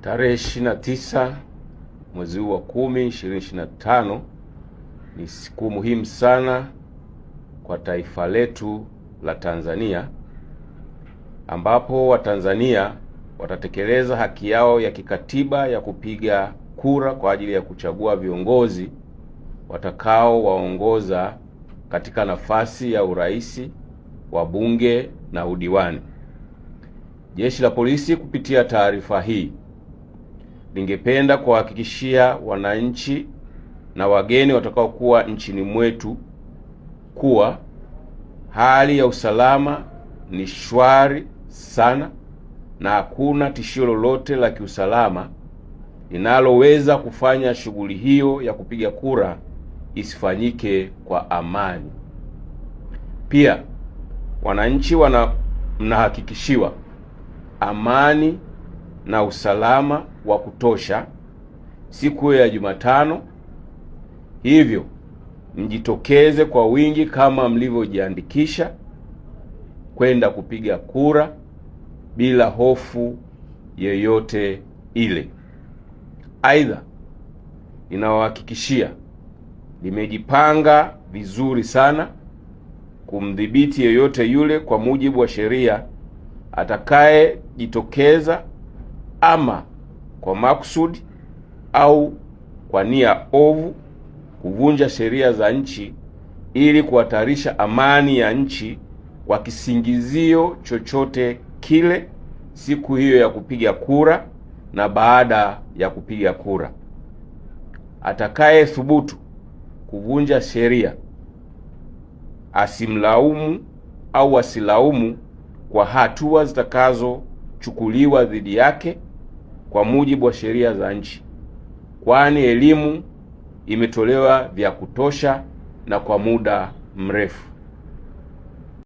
tarehe tisa mwezi huu wa 10 tano ni siku muhimu sana kwa taifa letu la Tanzania, ambapo Watanzania watatekeleza haki yao ya kikatiba ya kupiga kura kwa ajili ya kuchagua viongozi watakaowaongoza katika nafasi ya urais, bunge na udiwani. Jeshi la Polisi kupitia taarifa hii ningependa kuwahakikishia wananchi na wageni watakaokuwa nchini mwetu kuwa hali ya usalama ni shwari sana na hakuna tishio lolote la kiusalama linaloweza kufanya shughuli hiyo ya kupiga kura isifanyike kwa amani. Pia wananchi wana mnahakikishiwa amani na usalama wa kutosha siku ya Jumatano, hivyo mjitokeze kwa wingi kama mlivyojiandikisha kwenda kupiga kura bila hofu yeyote ile. Aidha, ninawahakikishia limejipanga vizuri sana kumdhibiti yeyote yule kwa mujibu wa sheria atakayejitokeza ama kwa makusudi au kwa nia ovu kuvunja sheria za nchi ili kuhatarisha amani ya nchi kwa kisingizio chochote kile siku hiyo ya kupiga kura na baada ya kupiga kura. Atakaye thubutu kuvunja sheria asimlaumu au asilaumu kwa hatua zitakazochukuliwa dhidi yake kwa mujibu wa sheria za nchi, kwani elimu imetolewa vya kutosha na kwa muda mrefu.